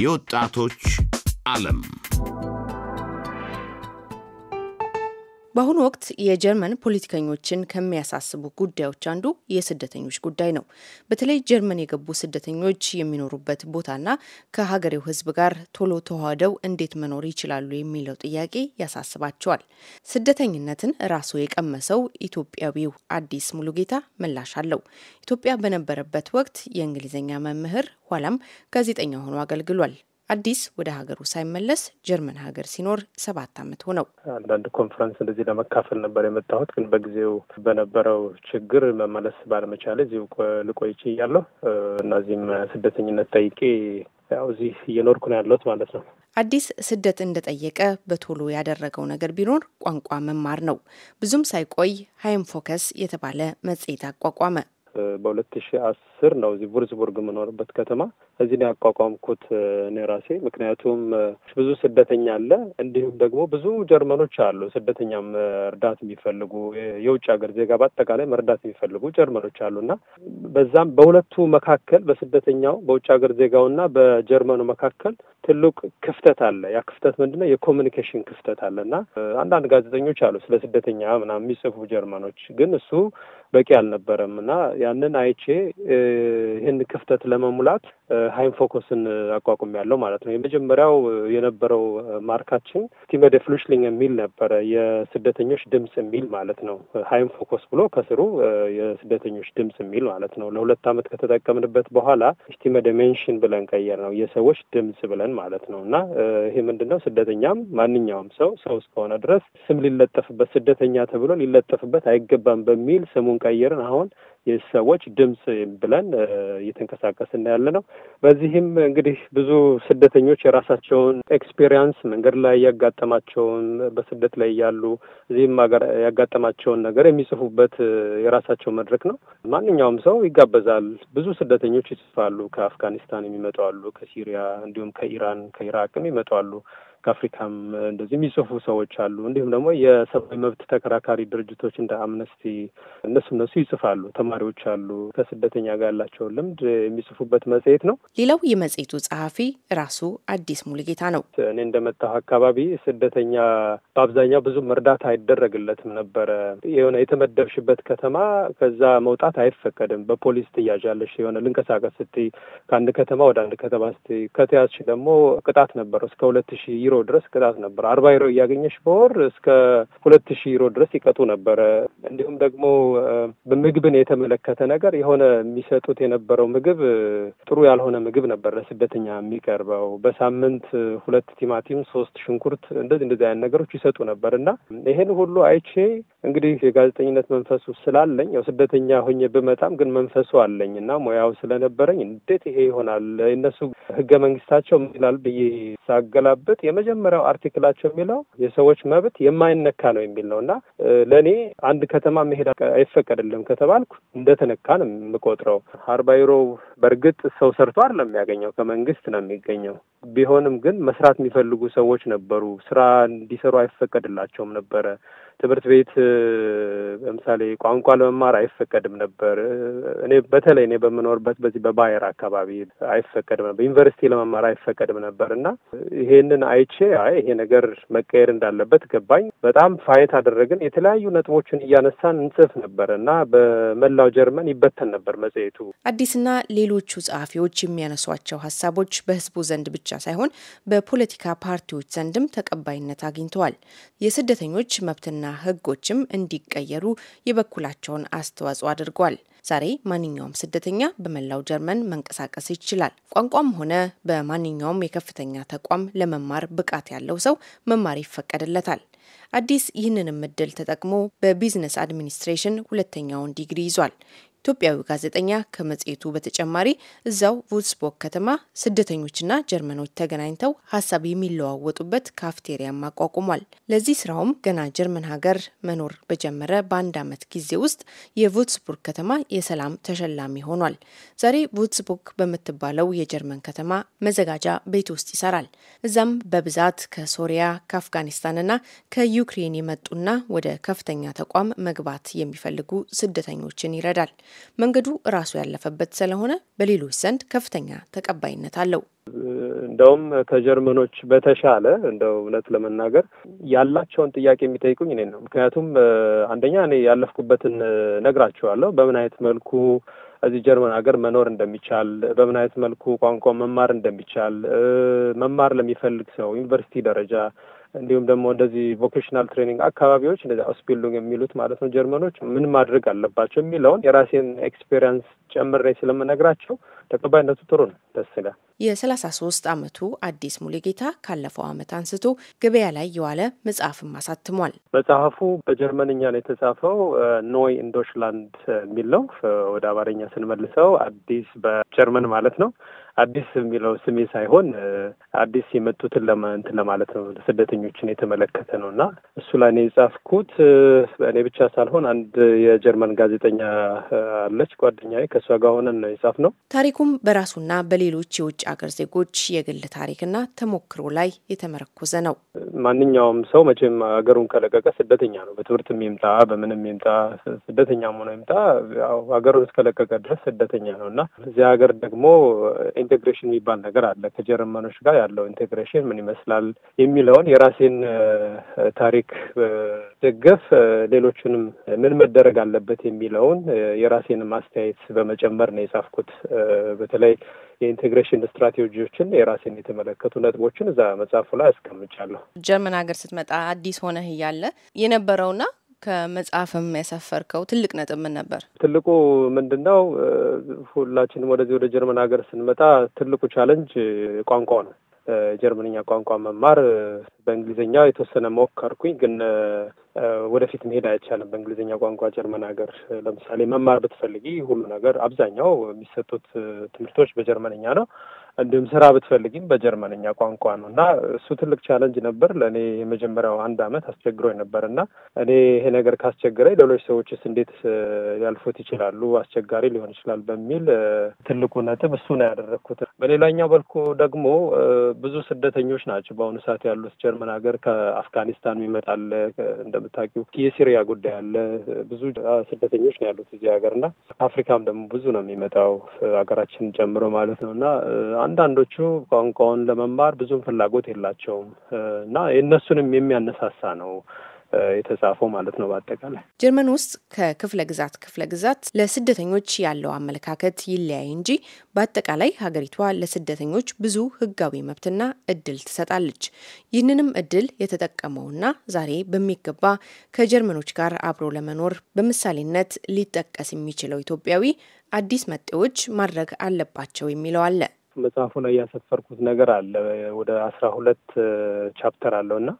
የወጣቶች ዓለም በአሁኑ ወቅት የጀርመን ፖለቲከኞችን ከሚያሳስቡ ጉዳዮች አንዱ የስደተኞች ጉዳይ ነው። በተለይ ጀርመን የገቡ ስደተኞች የሚኖሩበት ቦታና ከሀገሬው ሕዝብ ጋር ቶሎ ተዋህደው እንዴት መኖር ይችላሉ የሚለው ጥያቄ ያሳስባቸዋል። ስደተኝነትን ራሱ የቀመሰው ኢትዮጵያዊው አዲስ ሙሉጌታ ምላሽ አለው። ኢትዮጵያ በነበረበት ወቅት የእንግሊዝኛ መምህር ኋላም ጋዜጠኛ ሆኖ አገልግሏል። አዲስ ወደ ሀገሩ ሳይመለስ ጀርመን ሀገር ሲኖር ሰባት ዓመት ሆነው። አንዳንድ ኮንፈረንስ እንደዚህ ለመካፈል ነበር የመጣሁት፣ ግን በጊዜው በነበረው ችግር መመለስ ባለመቻለ እዚሁ ልቆይ ችያለሁ እና ስደተኝነት ጠይቄ ያው እዚህ እየኖርኩ ነው ያለሁት ማለት ነው። አዲስ ስደት እንደጠየቀ በቶሎ ያደረገው ነገር ቢኖር ቋንቋ መማር ነው። ብዙም ሳይቆይ ሀይም ፎከስ የተባለ መጽሔት አቋቋመ። በሁለት ሺ አስ ስር ነው እዚህ ቡርዝቡርግ የምኖርበት ከተማ። እዚህ ነው ያቋቋምኩት እኔ ራሴ። ምክንያቱም ብዙ ስደተኛ አለ፣ እንዲሁም ደግሞ ብዙ ጀርመኖች አሉ፣ ስደተኛ መርዳት የሚፈልጉ የውጭ ሀገር ዜጋ በአጠቃላይ መርዳት የሚፈልጉ ጀርመኖች አሉ እና በዛም በሁለቱ መካከል በስደተኛው በውጭ ሀገር ዜጋው እና በጀርመኑ መካከል ትልቅ ክፍተት አለ። ያ ክፍተት ምንድነው? የኮሚኒኬሽን ክፍተት አለ እና አንዳንድ ጋዜጠኞች አሉ ስለ ስደተኛ ምናምን የሚጽፉ ጀርመኖች፣ ግን እሱ በቂ አልነበረም እና ያንን አይቼ ይህን ክፍተት ለመሙላት ሀይም ፎከስን አቋቁም ያለው ማለት ነው። የመጀመሪያው የነበረው ማርካችን ቲመደ ፍሉሽሊንግ የሚል ነበረ፣ የስደተኞች ድምፅ የሚል ማለት ነው። ሀይም ፎከስ ብሎ ከስሩ የስደተኞች ድምፅ የሚል ማለት ነው። ለሁለት ዓመት ከተጠቀምንበት በኋላ ቲመደ ሜንሽን ብለን ቀየር ነው፣ የሰዎች ድምፅ ብለን ማለት ነው። እና ይሄ ምንድን ነው? ስደተኛም ማንኛውም ሰው ሰው እስከሆነ ድረስ ስም ሊለጠፍበት ስደተኛ ተብሎ ሊለጠፍበት አይገባም በሚል ስሙን ቀየርን አሁን የሰዎች ድምፅ ብለን እየተንቀሳቀስን ያለ ነው። በዚህም እንግዲህ ብዙ ስደተኞች የራሳቸውን ኤክስፔሪንስ መንገድ ላይ ያጋጠማቸውን በስደት ላይ ያሉ እዚህም ሀገር ያጋጠማቸውን ነገር የሚጽፉበት የራሳቸው መድረክ ነው። ማንኛውም ሰው ይጋበዛል። ብዙ ስደተኞች ይጽፋሉ። ከአፍጋኒስታን የሚመጡ አሉ፣ ከሲሪያ እንዲሁም ከኢራን ከኢራቅም ይመጡ አሉ። ከአፍሪካም እንደዚህ የሚጽፉ ሰዎች አሉ። እንዲሁም ደግሞ የሰብአዊ መብት ተከራካሪ ድርጅቶች እንደ አምነስቲ እነሱ እነሱ ይጽፋሉ። ተማሪዎች አሉ። ከስደተኛ ጋር ያላቸውን ልምድ የሚጽፉበት መጽሔት ነው። ሌላው የመጽሔቱ ጸሐፊ ራሱ አዲስ ሙሉጌታ ነው። እኔ እንደመጣሁ አካባቢ ስደተኛ በአብዛኛው ብዙም እርዳታ አይደረግለትም ነበረ። የሆነ የተመደብሽበት ከተማ ከዛ መውጣት አይፈቀድም። በፖሊስ ትያዣለሽ። የሆነ ልንቀሳቀስ ስትይ ከአንድ ከተማ ወደ አንድ ከተማ ስትይ ከተያዝሽ ደግሞ ቅጣት ነበረው እስከ ሁለት ሺህ ዩሮ ድረስ ቅጣት ነበር። አርባ ዩሮ እያገኘሽ በወር እስከ ሁለት ሺህ ዩሮ ድረስ ይቀጡ ነበረ። እንዲሁም ደግሞ ምግብን የተመለከተ ነገር የሆነ የሚሰጡት የነበረው ምግብ ጥሩ ያልሆነ ምግብ ነበር ለስደተኛ የሚቀርበው። በሳምንት ሁለት ቲማቲም፣ ሶስት ሽንኩርት እንደዚህ እንደዚህ አይነት ነገሮች ይሰጡ ነበር እና ይሄን ሁሉ አይቼ እንግዲህ የጋዜጠኝነት መንፈሱ ስላለኝ ያው ስደተኛ ሆኜ ብመጣም ግን መንፈሱ አለኝ እና ሙያው ስለነበረኝ እንዴት ይሄ ይሆናል እነሱ ህገ መንግስታቸው ይላል ብዬ ሳገላብጥ የመጀመሪያው አርቲክላቸው የሚለው የሰዎች መብት የማይነካ ነው የሚል ነው እና ለእኔ አንድ ከተማ መሄድ አይፈቀድልም ከተባልኩ እንደተነካ ነው የምቆጥረው። አርባ ዩሮ በእርግጥ ሰው ሰርቶ አይደለም የሚያገኘው ከመንግስት ነው የሚገኘው። ቢሆንም ግን መስራት የሚፈልጉ ሰዎች ነበሩ። ስራ እንዲሰሩ አይፈቀድላቸውም ነበረ። ትምህርት ቤት ለምሳሌ ቋንቋ ለመማር አይፈቀድም ነበር። እኔ በተለይ እኔ በምኖርበት በዚህ በባየር አካባቢ አይፈቀድም ነበር። ዩኒቨርሲቲ ለመማር አይፈቀድም ነበር እና ይሄንን አይቼ አይ ይሄ ነገር መቀየር እንዳለበት ገባኝ። በጣም ፋይት አደረግን። የተለያዩ ነጥቦችን እያነሳን እንጽፍ ነበር እና በመላው ጀርመን ይበተን ነበር መጽሔቱ። አዲስና ሌሎቹ ጸሐፊዎች የሚያነሷቸው ሀሳቦች በህዝቡ ዘንድ ብቻ ብቻ ሳይሆን በፖለቲካ ፓርቲዎች ዘንድም ተቀባይነት አግኝተዋል። የስደተኞች መብትና ሕጎችም እንዲቀየሩ የበኩላቸውን አስተዋጽኦ አድርጓል። ዛሬ ማንኛውም ስደተኛ በመላው ጀርመን መንቀሳቀስ ይችላል። ቋንቋም ሆነ በማንኛውም የከፍተኛ ተቋም ለመማር ብቃት ያለው ሰው መማር ይፈቀድለታል። አዲስ ይህንንም እድል ተጠቅሞ በቢዝነስ አድሚኒስትሬሽን ሁለተኛውን ዲግሪ ይዟል። ኢትዮጵያዊ ጋዜጠኛ ከመጽሔቱ በተጨማሪ እዛው ቮልስቦርግ ከተማ ስደተኞችና ጀርመኖች ተገናኝተው ሀሳብ የሚለዋወጡበት ካፍቴሪያም አቋቁሟል። ለዚህ ስራውም ገና ጀርመን ሀገር መኖር በጀመረ በአንድ ዓመት ጊዜ ውስጥ የቮልስቡርግ ከተማ የሰላም ተሸላሚ ሆኗል። ዛሬ ቮልስቡርግ በምትባለው የጀርመን ከተማ መዘጋጃ ቤት ውስጥ ይሰራል። እዛም በብዛት ከሶሪያ ከአፍጋኒስታንና ከዩክሬን የመጡና ወደ ከፍተኛ ተቋም መግባት የሚፈልጉ ስደተኞችን ይረዳል። መንገዱ ራሱ ያለፈበት ስለሆነ በሌሎች ዘንድ ከፍተኛ ተቀባይነት አለው። እንደውም ከጀርመኖች በተሻለ እንደው እውነት ለመናገር ያላቸውን ጥያቄ የሚጠይቁኝ እኔ ነው። ምክንያቱም አንደኛ እኔ ያለፍኩበትን ነግራቸዋለሁ በምን አይነት መልኩ እዚህ ጀርመን ሀገር መኖር እንደሚቻል በምን አይነት መልኩ ቋንቋ መማር እንደሚቻል መማር ለሚፈልግ ሰው ዩኒቨርሲቲ ደረጃ እንዲሁም ደግሞ እንደዚህ ቮኬሽናል ትሬኒንግ አካባቢዎች እንደዚህ አውስቢልዱንግ የሚሉት ማለት ነው ጀርመኖች ምን ማድረግ አለባቸው የሚለውን የራሴን ኤክስፔሪንስ ጨምሬ ስለምነግራቸው ተቀባይነቱ ጥሩ ነው። ደስ ይላል። የ33 ዓመቱ አዲስ ሙሉጌታ ካለፈው ዓመት አንስቶ ገበያ ላይ የዋለ መጽሐፍም አሳትሟል። መጽሐፉ በጀርመንኛ ነው የተጻፈው። ኖይ እንዶችላንድ የሚል ነው። ወደ አማርኛ ስንመልሰው አዲስ በጀርመን ማለት ነው። አዲስ የሚለው ስሜ ሳይሆን አዲስ የመጡትን እንትን ለማለት ነው። ስደተኞችን የተመለከተ ነው እና እሱ ላይ ነው የጻፍኩት። እኔ ብቻ ሳልሆን አንድ የጀርመን ጋዜጠኛ አለች ጓደኛዬ፣ ከእሷ ጋር ሆነን ነው የጻፍ ነው። ታሪኩም በራሱና በሌሎች የውጭ ሀገር ዜጎች የግል ታሪክና ተሞክሮ ላይ የተመረኮዘ ነው። ማንኛውም ሰው መቼም ሀገሩን ከለቀቀ ስደተኛ ነው። በትምህርትም ይምጣ በምንም ይምጣ ስደተኛም ሆኖ ይምጣ ሀገሩን እስከለቀቀ ድረስ ስደተኛ ነው እና እዚህ ሀገር ደግሞ ኢንቴግሬሽን የሚባል ነገር አለ። ከጀርመኖች ጋር ያለው ኢንቴግሬሽን ምን ይመስላል የሚለውን የራሴን ታሪክ ደገፍ ሌሎችንም ምን መደረግ አለበት የሚለውን የራሴን ማስተያየት በመጨመር ነው የጻፍኩት። በተለይ የኢንቴግሬሽን ስትራቴጂዎችን የራሴን የተመለከቱ ነጥቦችን እዛ መጽሐፉ ላይ አስቀምጫለሁ። ጀርመን ሀገር ስትመጣ አዲስ ሆነህ እያለ የነበረውና ከመጽሐፍም ያሰፈርከው ትልቅ ነጥብ ምን ነበር? ትልቁ ምንድን ነው? ሁላችንም ወደዚህ ወደ ጀርመን ሀገር ስንመጣ ትልቁ ቻለንጅ ቋንቋው ነው። የጀርመንኛ ቋንቋ መማር በእንግሊዝኛ የተወሰነ ሞከርኩኝ፣ ግን ወደፊት መሄድ አይቻልም። በእንግሊዝኛ ቋንቋ ጀርመን ሀገር ለምሳሌ መማር ብትፈልጊ ሁሉ ነገር አብዛኛው የሚሰጡት ትምህርቶች በጀርመንኛ ነው። እንዲሁም ስራ ብትፈልጊም በጀርመንኛ ቋንቋ ነው እና እሱ ትልቅ ቻለንጅ ነበር ለእኔ። የመጀመሪያው አንድ አመት አስቸግሮኝ ነበር እና እኔ ይሄ ነገር ካስቸግረኝ ሌሎች ሰዎችስ እንዴት ያልፉት ይችላሉ፣ አስቸጋሪ ሊሆን ይችላል በሚል ትልቁ ነጥብ እሱ ነው ያደረግኩት። በሌላኛው በልኩ ደግሞ ብዙ ስደተኞች ናቸው በአሁኑ ሰዓት ያሉት ጀርመን ሀገር። ከአፍጋኒስታን ይመጣል እንደምታውቂው የሲሪያ ጉዳይ አለ። ብዙ ስደተኞች ነው ያሉት እዚህ ሀገር እና አፍሪካም ደግሞ ብዙ ነው የሚመጣው ሀገራችንን ጨምሮ ማለት ነው እና አንዳንዶቹ ቋንቋውን ለመማር ብዙም ፍላጎት የላቸውም እና የእነሱንም የሚያነሳሳ ነው የተጻፈው ማለት ነው። በአጠቃላይ ጀርመን ውስጥ ከክፍለ ግዛት ክፍለ ግዛት ለስደተኞች ያለው አመለካከት ይለያይ እንጂ በአጠቃላይ ሀገሪቷ ለስደተኞች ብዙ ሕጋዊ መብትና እድል ትሰጣለች። ይህንንም እድል የተጠቀመውና ዛሬ በሚገባ ከጀርመኖች ጋር አብሮ ለመኖር በምሳሌነት ሊጠቀስ የሚችለው ኢትዮጵያዊ አዲስ መጤዎች ማድረግ አለባቸው የሚለው አለ። መጽሐፉ ላይ ያሰፈርኩት ነገር አለ። ወደ አስራ ሁለት ቻፕተር አለው እና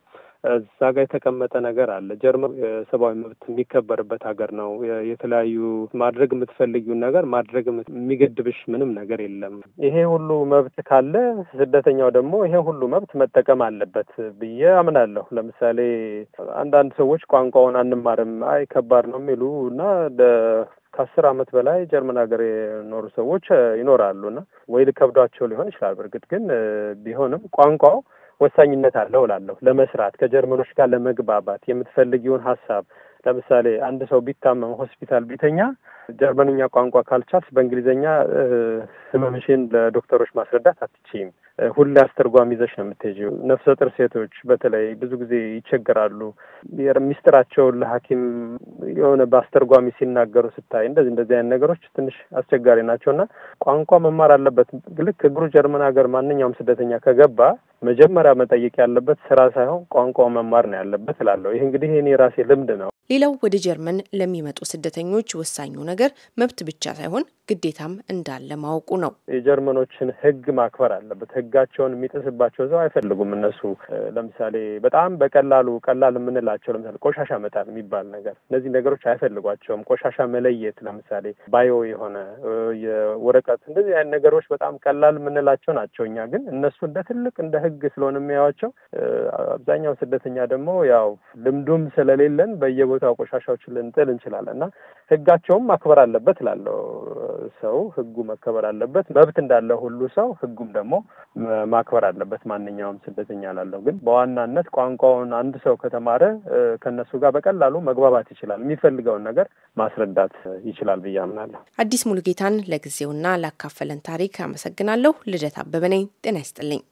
እዛ ጋር የተቀመጠ ነገር አለ። ጀርመን ሰብአዊ መብት የሚከበርበት ሀገር ነው። የተለያዩ ማድረግ የምትፈልጊውን ነገር ማድረግ የሚገድብሽ ምንም ነገር የለም። ይሄ ሁሉ መብት ካለ ስደተኛው ደግሞ ይሄ ሁሉ መብት መጠቀም አለበት ብዬ አምናለሁ። ለምሳሌ አንዳንድ ሰዎች ቋንቋውን አንማርም፣ አይ ከባድ ነው የሚሉ እና ከአስር ዓመት በላይ ጀርመን ሀገር የኖሩ ሰዎች ይኖራሉ እና ወይ ልከብዷቸው ሊሆን ይችላል። በእርግጥ ግን ቢሆንም ቋንቋው ወሳኝነት አለው እላለሁ። ለመስራት ከጀርመኖች ጋር ለመግባባት የምትፈልጊውን ሀሳብ ለምሳሌ አንድ ሰው ቢታመም ሆስፒታል ቢተኛ ጀርመንኛ ቋንቋ ካልቻልሽ በእንግሊዝኛ ህመምሽን ለዶክተሮች ማስረዳት አትችይም። ሁሌ አስተርጓሚ ይዘሽ ነው የምትሄጂው። ነፍሰ ጡር ሴቶች በተለይ ብዙ ጊዜ ይቸገራሉ። ሚስጥራቸውን ለሐኪም የሆነ በአስተርጓሚ ሲናገሩ ስታይ እንደዚህ እንደዚህ አይነት ነገሮች ትንሽ አስቸጋሪ ናቸውና ቋንቋ መማር አለበት። ልክ እግሩ ጀርመን ሀገር ማንኛውም ስደተኛ ከገባ መጀመሪያ መጠየቅ ያለበት ስራ ሳይሆን ቋንቋ መማር ነው ያለበት እላለሁ። ይህ እንግዲህ እኔ ራሴ ልምድ ነው። ሌላው ወደ ጀርመን ለሚመጡ ስደተኞች ወሳኙ ነገር መብት ብቻ ሳይሆን ግዴታም እንዳለ ማወቁ ነው። የጀርመኖችን ሕግ ማክበር አለበት። ሕጋቸውን የሚጥስባቸው ሰው አይፈልጉም። እነሱ ለምሳሌ በጣም በቀላሉ ቀላል የምንላቸው ለምሳሌ ቆሻሻ መጣል የሚባል ነገር እነዚህ ነገሮች አይፈልጓቸውም። ቆሻሻ መለየት ለምሳሌ ባዮ የሆነ የወረቀት እንደዚህ አይነት ነገሮች በጣም ቀላል የምንላቸው ናቸው። እኛ ግን እነሱ እንደ ትልቅ እንደ ሕግ ስለሆነ የሚያዩዋቸው አብዛኛው ስደተኛ ደግሞ ያው ልምዱም ስለሌለን በየቦ መሰረታዊ ቆሻሻዎችን ልንጥል እንችላለን እና ህጋቸውም ማክበር አለበት እላለሁ። ሰው ህጉ መከበር አለበት፣ መብት እንዳለ ሁሉ ሰው ህጉም ደግሞ ማክበር አለበት ማንኛውም ስደተኛ እላለሁ። ግን በዋናነት ቋንቋውን አንድ ሰው ከተማረ ከነሱ ጋር በቀላሉ መግባባት ይችላል፣ የሚፈልገውን ነገር ማስረዳት ይችላል ብዬ አምናለሁ። አዲስ ሙሉጌታን ለጊዜውና ላካፈለን ታሪክ አመሰግናለሁ። ልደት አበበ ነኝ። ጤና ይስጥልኝ።